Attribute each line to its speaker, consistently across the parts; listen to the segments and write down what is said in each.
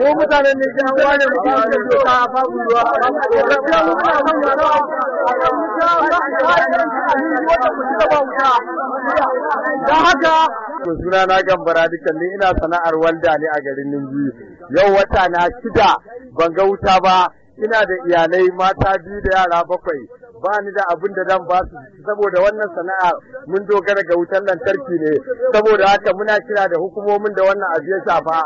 Speaker 1: mu mutanen ne jan wani ba mu doka ba ruwa ruwa
Speaker 2: suna na gambara dukan ni ina sana'ar walda ne a garin Ningi yau wata na shida ban ga wuta ba ina da iyalai mata biyu da yara bakwai ba ni da abin da zan ba su saboda wannan sana'a mun dogara ga wutar lantarki ne saboda haka muna kira da hukumomin da wannan abu ya shafa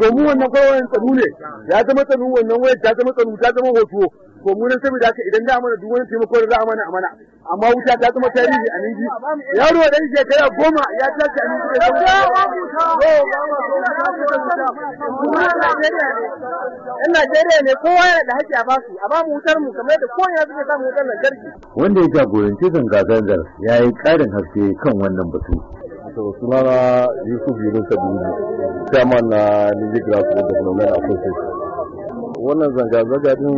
Speaker 2: domin wannan kawai tsanu ne ya zama tsanu wannan wayar ya zama tsanu ta zama hoto ko mu nan saboda haka idan da mana duk wani taimako da za a mana a mana amma wuta ta zama tarihi a ninji yaro da yake kai goma ya tashi a ninji da
Speaker 1: kuma in
Speaker 2: Najeriya ne kowa yana da haƙƙi a basu a ba mu wutar mu kamar da kowa ya suke samu wutar lantarki
Speaker 1: wanda ya jagoranci zanga-zangar ya yi ƙarin haske kan wannan batu to sunana Yusuf Yunus Abdul Chairman
Speaker 2: na Niger Grassroots Development Association wannan zanga-zanga din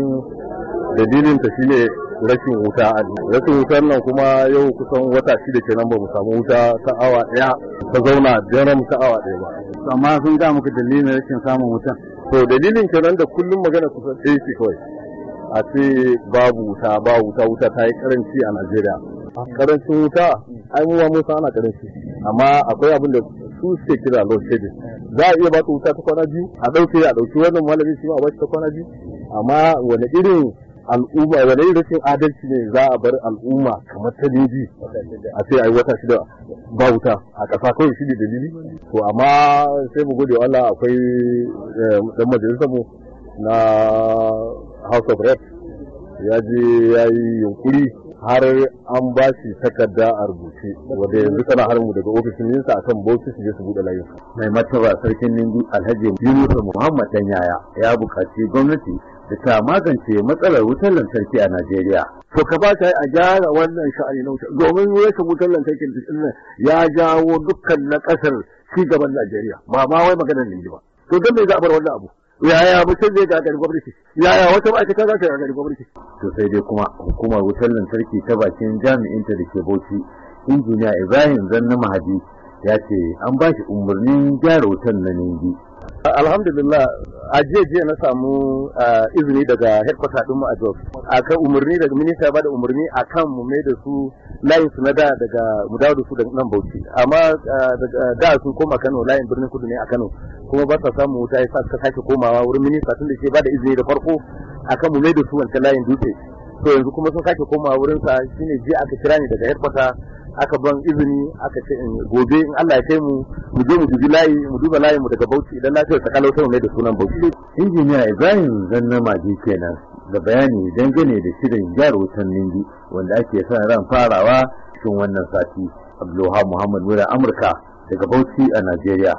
Speaker 2: dalilin ta shine rashin wuta a rashin wutar nan kuma yau kusan wata shida kenan ba mu samu wuta ta awa daya ta zauna jaram ta awa daya ba amma sun ga muku dalilin rashin samun wutan to dalilin kenan da kullum magana kusan ɗaya shi kawai a ce babu wuta ba wuta wuta ta yi karanci a Najeriya karancin wuta ai mu mun san ana karanci amma akwai abin da su suke kira load shedding za a iya ba wuta ta kwana biyu a ɗauke a ɗauki wannan malami shi ma a bashi ta kwana biyu amma wani irin al'umma wani rashin adalci ne za a bar al'umma kamar ta neji a ce yi wata shida ba wuta a ƙasa kawai shi ne dalili to amma sai mu gode Allah akwai dan eh, majalisar mu na House of Reps ya je ya yi yunkuri har an ba shi takarda a rubuce wanda yanzu tana mu daga ofishin ninsa akan bauchi su je su buɗe layin
Speaker 1: mai mataba sarkin ningi alhaji yunus muhammad dan yaya ya buƙaci gwamnati da ta magance matsalar wutar lantarki a najeriya to ka ba ta a gyara wannan sha'ani na wutar domin rashin wutar
Speaker 2: lantarki ya jawo dukkan na ƙasar shi gaban najeriya ba ma wai maganar ningi ba to don me za a bar wannan abu yaya mutum zai gagari gwamnati yaya wata ma'aikata za ta gagari gwamnati
Speaker 1: to sai dai kuma hukumar wutar lantarki ta bakin jami'inta da ke bauchi injiniya ibrahim zanna mahadi ya ce an ba shi umarnin gyara wutar na nindi
Speaker 2: alhamdulillah a jiya jiya na samu izini daga headquarter ɗinmu a jos kan umarni daga minista ba da umarni a kan mu mai da su layin su na da daga mu dawo da su daga nan bauchi amma da sun koma kano layin birnin kudu ne a kano kuma ba sa samu wuta ya sa suka sake komawa wurin minista tun da ke ba da izini da farko a kan mai da su wancan layin dutse to yanzu kuma sun sake komawa wurin sa shine je aka kira ni daga headquarter aka ban izini aka ce
Speaker 1: gobe in Allah ya kai mu mu je mu dubi layi mu duba layin mu daga Bauchi idan lafiyar ta kalau sai mu mai da sunan Bauchi injiniya Ibrahim Zanna Maji kenan da bayani dangane da shirin gyara wutan Nindi wanda ake sa ran farawa cikin wannan sati Abdulwahab Muhammad wurin Amurka daga Bauchi a Najeriya